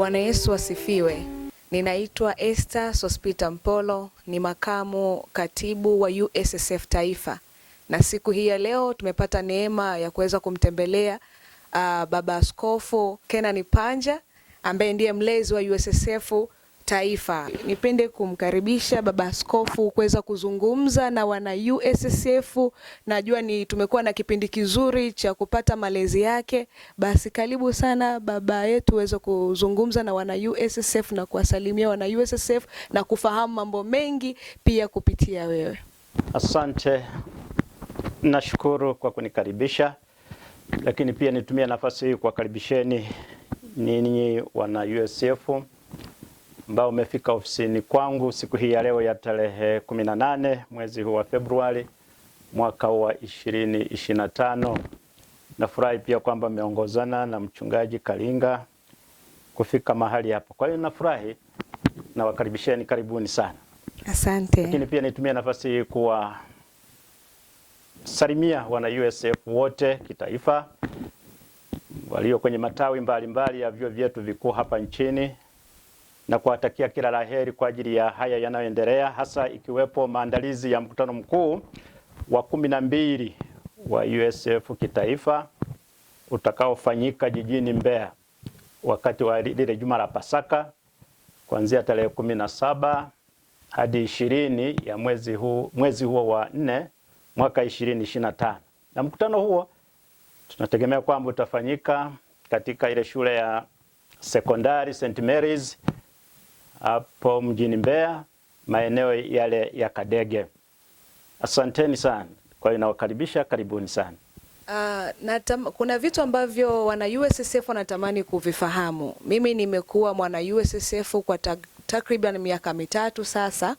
Bwana Yesu asifiwe. Ninaitwa Esther Sospita Mpolo, ni makamu katibu wa USSF Taifa, na siku hii ya leo tumepata neema ya kuweza kumtembelea uh, baba askofu Kenani Panja ambaye ndiye mlezi wa USSF taifa. Nipende kumkaribisha Baba Askofu kuweza kuzungumza na wana USCF. Najua ni tumekuwa na kipindi kizuri cha kupata malezi yake, basi karibu sana baba yetu uweze kuzungumza na wana USCF na kuwasalimia wana USCF na kufahamu mambo mengi pia kupitia wewe. Asante, nashukuru kwa kunikaribisha, lakini pia nitumie nafasi hii kuwakaribisheni ninyi wana USCF ambao umefika ofisini kwangu siku hii ya leo ya tarehe 18 mwezi huu wa Februari mwaka wa 2025. Nafurahi pia kwamba ameongozana na mchungaji Kalinga kufika mahali hapa. Kwa hiyo nafurahi na wakaribisheni, karibuni sana. Asante. Lakini pia nitumie nafasi hii salimia wana USF wote kitaifa walio kwenye matawi mbalimbali mbali ya vyuo vyetu vikuu hapa nchini na kuwatakia kila la heri kwa ajili ya haya yanayoendelea, hasa ikiwepo maandalizi ya mkutano mkuu wa kumi na mbili wa USF kitaifa utakaofanyika jijini Mbeya wakati wa lile juma la Pasaka kuanzia tarehe kumi na saba hadi ishirini ya mwezi huu, mwezi huo wa nne mwaka ishirini ishirini na tano na mkutano huo tunategemea kwamba utafanyika katika ile shule ya sekondari St Mary's hapo mjini Mbeya, maeneo yale ya Kadege. Asanteni sana, kwa hiyo nawakaribisha, karibuni sana. Uh, natam, kuna vitu ambavyo wana USSF wanatamani kuvifahamu. Mimi nimekuwa mwana USSF kwa ta, takriban miaka mitatu sasa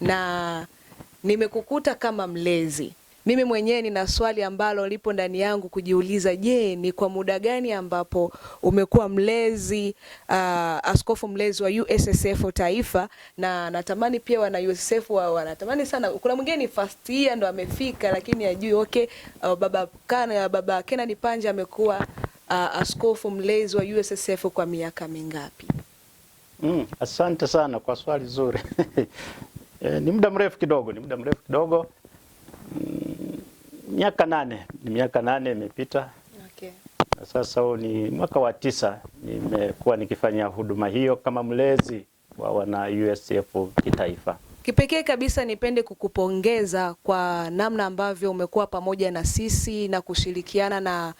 na nimekukuta kama mlezi mimi mwenyewe nina swali ambalo lipo ndani yangu kujiuliza, je, ni kwa muda gani ambapo umekuwa mlezi uh, askofu mlezi wa USSF taifa, na natamani pia wana USSF wa wanatamani sana. Kuna mwingine ni first year ndo amefika, lakini ajui okay, uh, baba kana baba Kennedy Panja amekuwa uh, askofu mlezi wa USSF kwa miaka mingapi? Mm, asante sana kwa swali zuri. E, ni muda mrefu kidogo, ni muda mrefu kidogo miaka nane, ni miaka nane imepita. Okay. Na sasa huu ni mwaka wa tisa nimekuwa nikifanya huduma hiyo kama mlezi wa wana USF kitaifa. Kipekee kabisa nipende kukupongeza kwa namna ambavyo umekuwa pamoja na sisi na kushirikiana na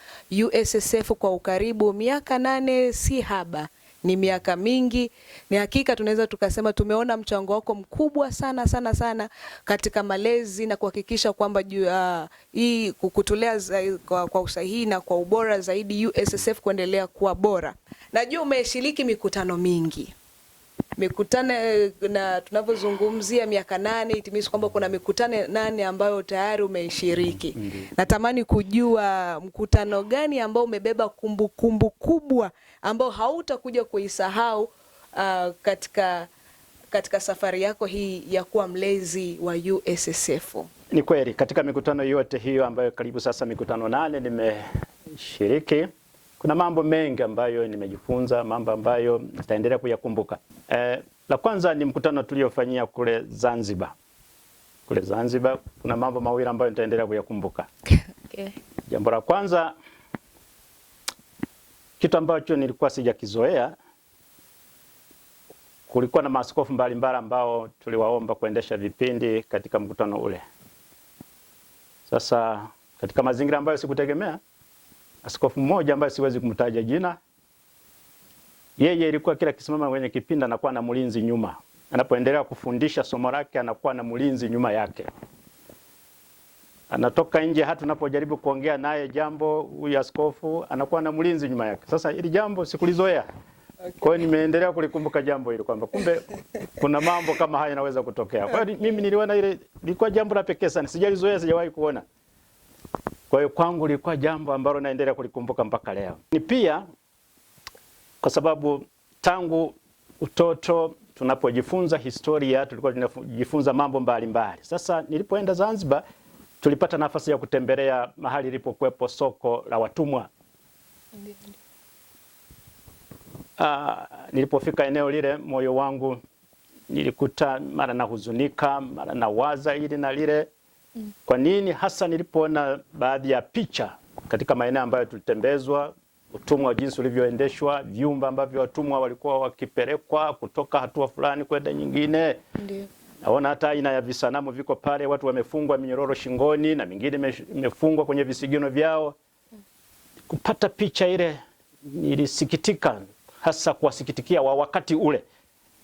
USSF kwa ukaribu. Miaka nane si haba, ni miaka mingi, ni hakika tunaweza tukasema tumeona mchango wako mkubwa sana sana sana katika malezi na kuhakikisha kwamba uh, hii kukutolea kwa, kwa usahihi na kwa ubora zaidi USSF kuendelea kuwa bora. Najua umeshiriki mikutano mingi mikutano eh, na tunavyozungumzia miaka nane, itimisi kwamba kuna mikutano nane ambayo tayari umeishiriki. Natamani kujua mkutano gani ambao umebeba kumbukumbu kumbu kubwa ambao hautakuja kuisahau uh, katika katika safari yako hii ya kuwa mlezi wa USSF. Ni kweli katika mikutano yote hiyo ambayo karibu sasa mikutano nane nimeshiriki kuna mambo mengi ambayo nimejifunza, mambo ambayo nitaendelea kuyakumbuka. Eh, la kwanza ni mkutano tuliofanyia kule Zanzibar. Kule Zanzibar kuna mambo mawili ambayo nitaendelea kuyakumbuka. Okay. Jambo la kwanza kitu ambacho nilikuwa sijakizoea, kulikuwa na maaskofu mbalimbali ambao tuliwaomba kuendesha vipindi katika mkutano ule. Sasa katika mazingira ambayo sikutegemea askofu mmoja ambaye siwezi kumtaja jina, yeye ilikuwa kila kisimama kwenye kipindi anakuwa na mlinzi nyuma, anapoendelea kufundisha somo lake anakuwa na mlinzi nyuma yake anatoka nje, hata unapojaribu kuongea naye jambo, huyu askofu anakuwa na mlinzi nyuma yake. Sasa ili jambo sikulizoea, okay. Kwa hiyo nimeendelea kulikumbuka jambo hili kwamba kumbe kuna mambo kama haya yanaweza kutokea. Kwa hiyo mimi niliona ile ilikuwa jambo la pekee sana, sijalizoea, sijawahi kuona. Kwa hiyo kwangu lilikuwa jambo ambalo naendelea kulikumbuka mpaka leo. Ni pia kwa sababu tangu utoto tunapojifunza historia tulikuwa tunajifunza mambo mbalimbali mbali. Sasa nilipoenda Zanzibar tulipata nafasi ya kutembelea mahali lilipokuwepo soko la watumwa. Aa, ah, nilipofika eneo lile moyo wangu nilikuta mara nahuzunika, mara nawaza ili na lile kwa nini hasa nilipoona baadhi ya picha katika maeneo ambayo tulitembezwa, utumwa jinsi ulivyoendeshwa, vyumba ambavyo watumwa walikuwa wakipelekwa kutoka hatua fulani kwenda nyingine. Ndiyo. Naona hata aina ya visanamu viko pale, watu wamefungwa minyororo shingoni na mingine imefungwa kwenye visigino vyao. Kupata picha ile nilisikitika, hasa kuwasikitikia wa wakati ule.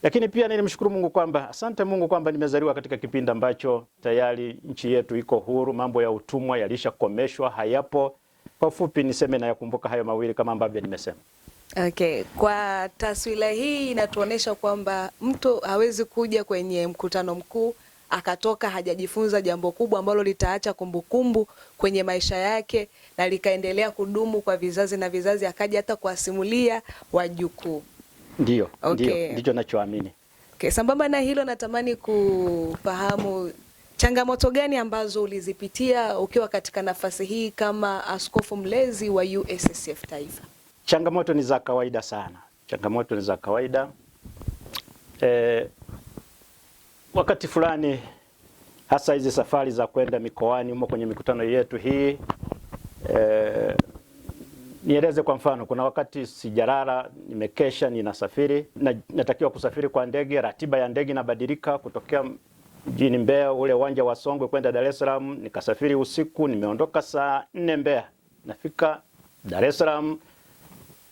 Lakini pia nilimshukuru Mungu kwamba asante Mungu kwamba nimezaliwa katika kipindi ambacho tayari nchi yetu iko huru, mambo ya utumwa yalishakomeshwa, hayapo. Kwa fupi niseme na yakumbuka hayo mawili kama ambavyo nimesema. Okay, kwa taswira hii inatuonesha kwamba mtu hawezi kuja kwenye mkutano mkuu akatoka hajajifunza jambo kubwa ambalo litaacha kumbukumbu kwenye maisha yake na likaendelea kudumu kwa vizazi na vizazi, akaja hata kuwasimulia wajukuu. Ndio, okay. Ndicho nachoamini. Okay, sambamba na hilo natamani kufahamu changamoto gani ambazo ulizipitia ukiwa katika nafasi hii kama askofu mlezi wa USCF Taifa? Changamoto ni za kawaida sana, changamoto ni za kawaida e, wakati fulani hasa hizi safari za kwenda mikoani humo kwenye mikutano yetu hii e, Nieleze kwa mfano, kuna wakati sijalala, nimekesha, ninasafiri na, natakiwa kusafiri kwa ndege. Ratiba ya ndege inabadilika kutokea mjini Mbeya, ule uwanja wa Songwe kwenda Dar es Salaam. Nikasafiri usiku, nimeondoka saa nne Mbeya, nafika Dar es Salaam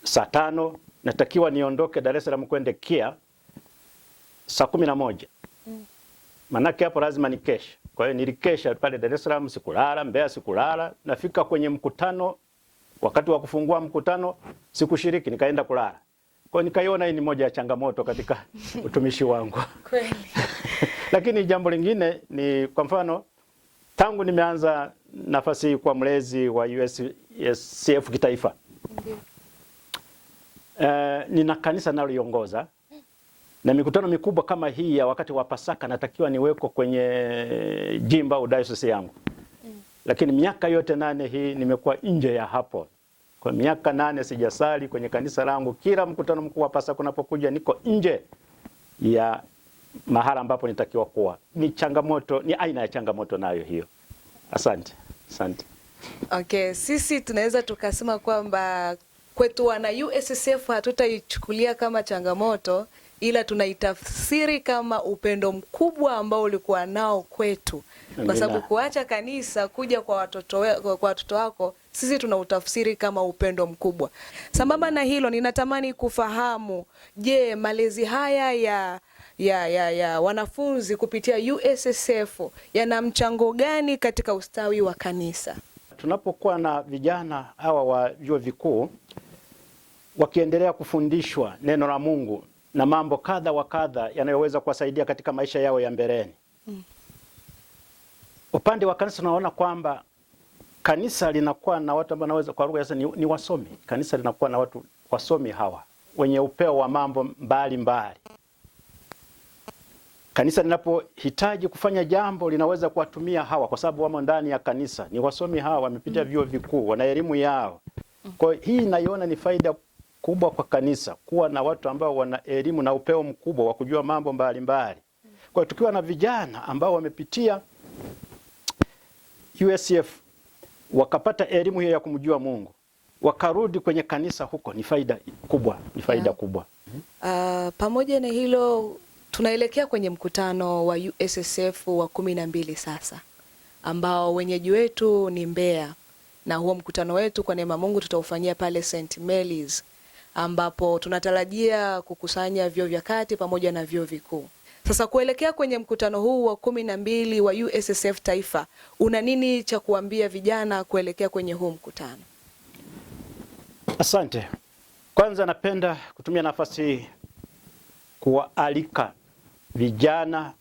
saa tano. Natakiwa niondoke Dar es Salaam kwenda KIA saa kumi na moja mm. manake hapo lazima nikesha. Kwa hiyo nilikesha pale Dar es Salaam, sikulala Mbeya, sikulala. Nafika kwenye mkutano Wakati wa kufungua mkutano sikushiriki, nikaenda kulala. Kwa hiyo nikaiona hii ni moja ya changamoto katika utumishi wangu Lakini jambo lingine ni kwa mfano, tangu nimeanza nafasi hii kwa mlezi wa USCF kitaifa Uh, nina kanisa naliongoza na mikutano mikubwa kama hii ya wakati wa Pasaka natakiwa niweko kwenye jimba au yangu. Lakini miaka yote nane hii nimekuwa nje ya hapo. Kwa miaka nane sijasali kwenye kanisa langu. Kila mkutano mkuu wa Pasaka unapokuja niko nje ya mahala ambapo nitakiwa kuwa. Ni changamoto, ni aina ya changamoto nayo hiyo. Asante, asante. Okay, sisi tunaweza tukasema kwamba kwetu wana USCF hatutaichukulia kama changamoto ila tunaitafsiri kama upendo mkubwa ambao ulikuwa nao kwetu, kwa sababu kuacha kanisa kuja kwa watoto, we, kwa watoto wako sisi tunautafsiri kama upendo mkubwa. Sambamba na hilo, ninatamani kufahamu, je, malezi haya ya ya, ya, ya wanafunzi kupitia USSF yana mchango gani katika ustawi wa kanisa? Tunapokuwa na vijana hawa wa vyuo vikuu wakiendelea kufundishwa neno la Mungu na mambo kadha wa kadha yanayoweza kuwasaidia katika maisha yao ya mbeleni. Mm. Upande wa kanisa tunaona kwamba kanisa linakuwa na watu ambao naweza kwa lugha sasa ni, ni wasomi. Kanisa linakuwa na watu wasomi hawa wenye upeo wa mambo mbali mbali. Kanisa linapohitaji kufanya jambo linaweza kuwatumia hawa, kwa sababu wamo ndani ya kanisa, ni wasomi hawa, wamepitia mm. vyuo vikuu, wana elimu yao. Kwa hiyo hii naiona ni faida kubwa kwa kanisa kuwa na watu ambao wana elimu na upeo mkubwa wa kujua mambo mbalimbali. Kwa hiyo tukiwa na vijana ambao wamepitia USF wakapata elimu hiyo ya kumjua Mungu wakarudi kwenye kanisa huko, ni faida kubwa, ni faida yeah, kubwa. Uh, pamoja na hilo tunaelekea kwenye mkutano wa USSF wa kumi na mbili sasa ambao wenyeji wetu ni Mbeya, na huo mkutano wetu kwa neema Mungu tutaufanyia pale St Mary's ambapo tunatarajia kukusanya vyuo vya kati pamoja na vyuo vikuu. Sasa kuelekea kwenye mkutano huu wa kumi na mbili wa USSF Taifa, una nini cha kuambia vijana kuelekea kwenye huu mkutano? Asante. Kwanza napenda kutumia nafasi kuwaalika vijana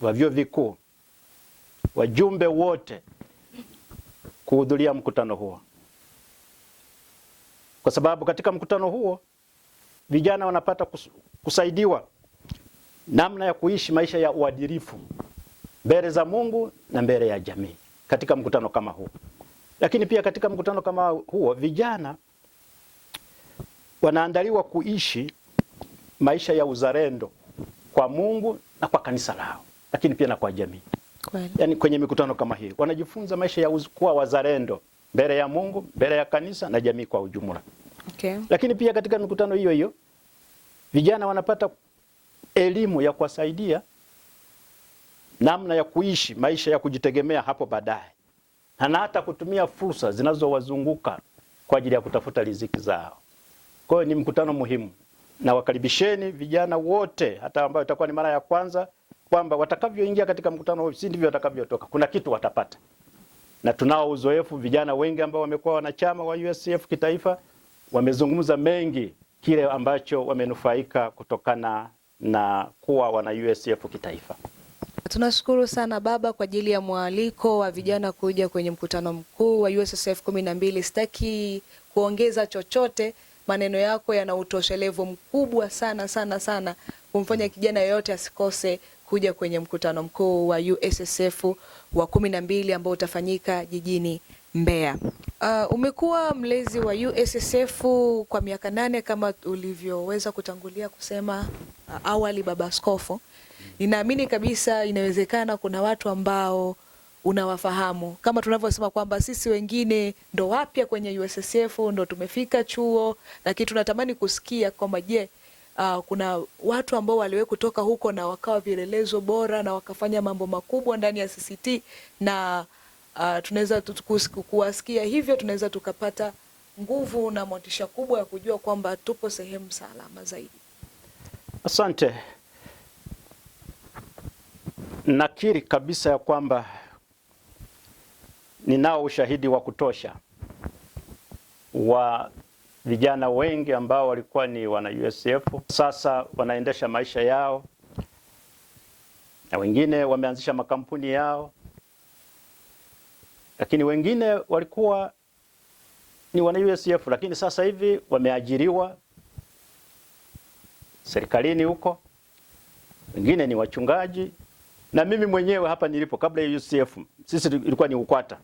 wa vyuo vikuu, wajumbe wote kuhudhuria mkutano huo kwa sababu katika mkutano huo vijana wanapata kusaidiwa namna ya kuishi maisha ya uadilifu mbele za Mungu na mbele ya jamii katika mkutano kama huo. Lakini pia katika mkutano kama huo vijana wanaandaliwa kuishi maisha ya uzalendo kwa Mungu na kwa kanisa lao, lakini pia na kwa jamii. Kweli. Yani kwenye mikutano kama hii wanajifunza maisha ya kuwa wazalendo mbele ya Mungu, mbele ya kanisa na jamii kwa ujumla. Okay. Lakini pia katika mikutano hiyo hiyo vijana wanapata elimu ya kuwasaidia namna ya kuishi maisha ya kujitegemea hapo baadaye, na hata kutumia fursa zinazowazunguka kwa ajili ya kutafuta riziki zao. Kwa hiyo ni mkutano muhimu, na wakaribisheni vijana wote, hata ambao itakuwa ni mara ya kwanza, kwamba watakavyoingia katika mkutano huu si ndivyo watakavyotoka. Kuna kitu watapata, na tunao uzoefu vijana wengi ambao wamekuwa wanachama wa USCF kitaifa wamezungumza mengi kile ambacho wamenufaika kutokana na kuwa wana USF kitaifa. Tunashukuru sana baba kwa ajili ya mwaliko wa vijana kuja kwenye mkutano mkuu wa USSF 12. Sitaki kuongeza chochote, maneno yako yana utoshelevu mkubwa sana sana sana kumfanya kijana yoyote asikose kuja kwenye mkutano mkuu wa USSF wa 12 ambao utafanyika jijini Mbeya. Uh, umekuwa mlezi wa USSF kwa miaka nane kama ulivyoweza kutangulia kusema uh, awali Baba Askofu. Ninaamini kabisa inawezekana kuna watu ambao unawafahamu kama tunavyosema kwamba sisi wengine ndo wapya kwenye USSF, ndo tumefika chuo, lakini tunatamani kusikia kwamba je, uh, kuna watu ambao waliwahi kutoka huko na wakawa vielelezo bora na wakafanya mambo makubwa ndani ya CCT na uh, tunaweza kuwasikia hivyo, tunaweza tukapata nguvu na motisha kubwa ya kujua kwamba tupo sehemu salama zaidi. Asante. Nakiri kabisa ya kwamba ninao ushahidi wa kutosha wa vijana wengi ambao walikuwa ni wana USF sasa wanaendesha maisha yao, na wengine wameanzisha makampuni yao, lakini wengine walikuwa ni wana USF, lakini sasa hivi wameajiriwa serikalini huko, wengine ni wachungaji na mimi mwenyewe hapa nilipo, kabla ya UCF sisi ilikuwa ni UKWATA,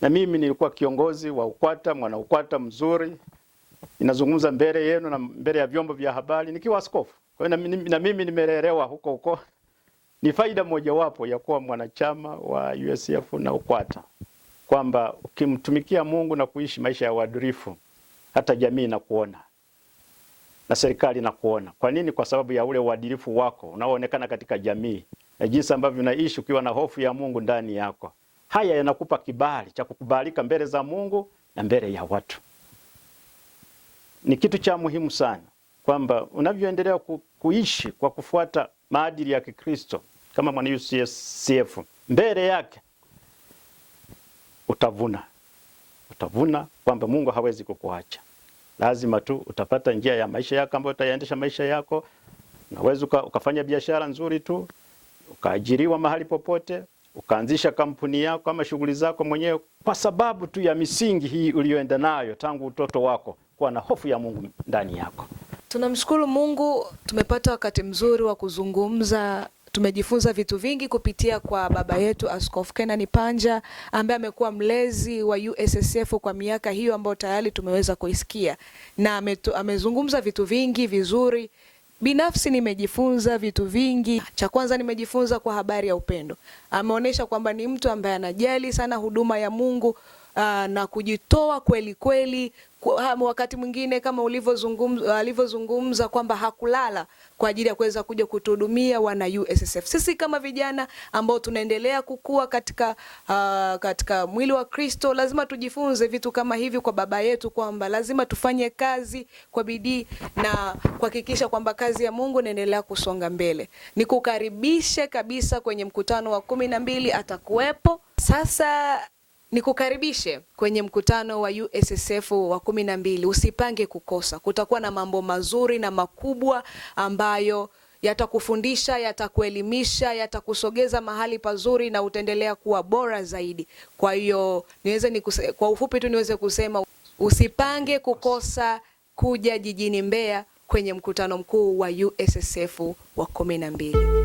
na mimi nilikuwa kiongozi wa UKWATA, mwana UKWATA mzuri, ninazungumza mbele yenu na mbele ya vyombo vya habari nikiwa askofu. Kwa hiyo na mimi nimelelewa huko huko ni faida mojawapo ya kuwa mwanachama wa USCF na UKWATA kwamba ukimtumikia Mungu na kuishi maisha ya uadilifu, hata jamii inakuona na serikali inakuona. Kwa nini? Kwa sababu ya ule uadilifu wako unaoonekana katika jamii na jinsi ambavyo unaishi ukiwa na hofu ya Mungu ndani yako. Haya yanakupa kibali cha kukubalika mbele za Mungu na mbele ya watu. Ni kitu cha muhimu sana kwamba unavyoendelea kuishi kwa kufuata maadili ya Kikristo kama mwana UCF mbele yake utavuna, utavuna kwamba Mungu hawezi kukuacha. Lazima tu utapata njia ya maisha yako ambayo utaendesha maisha yako. Unaweza ukafanya biashara nzuri tu ukaajiriwa mahali popote ukaanzisha kampuni yako ama shughuli zako mwenyewe kwa sababu tu ya misingi hii uliyoenda nayo tangu utoto wako, kuwa na hofu ya Mungu ndani yako. Tunamshukuru Mungu, tumepata wakati mzuri wa kuzungumza tumejifunza vitu vingi kupitia kwa baba yetu Askofu Kenani Panja ambaye amekuwa mlezi wa USSF kwa miaka hiyo ambayo tayari tumeweza kuisikia, na ametu, amezungumza vitu vingi vizuri. Binafsi nimejifunza vitu vingi. Cha kwanza nimejifunza kwa habari ya upendo. Ameonyesha kwamba ni mtu ambaye anajali sana huduma ya Mungu uh, na kujitoa kweli kweli wakati mwingine kama uh, alivyozungumza kwamba hakulala kwa ajili ya kuweza kuja kutuhudumia wana USSF. Sisi kama vijana ambao tunaendelea kukua katika, uh, katika mwili wa Kristo lazima tujifunze vitu kama hivi kwa baba yetu, kwamba lazima tufanye kazi kwa bidii na kuhakikisha kwamba kazi ya Mungu inaendelea kusonga mbele. Nikukaribishe kabisa kwenye mkutano wa kumi na mbili, atakuwepo sasa Nikukaribishe kwenye mkutano wa USSF wa kumi na mbili. Usipange kukosa. Kutakuwa na mambo mazuri na makubwa ambayo yatakufundisha, yatakuelimisha, yatakusogeza mahali pazuri na utaendelea kuwa bora zaidi. Kwa hiyo niweze nikuse, kwa ufupi tu niweze kusema usipange kukosa kuja jijini Mbeya kwenye mkutano mkuu wa USSF wa kumi na mbili.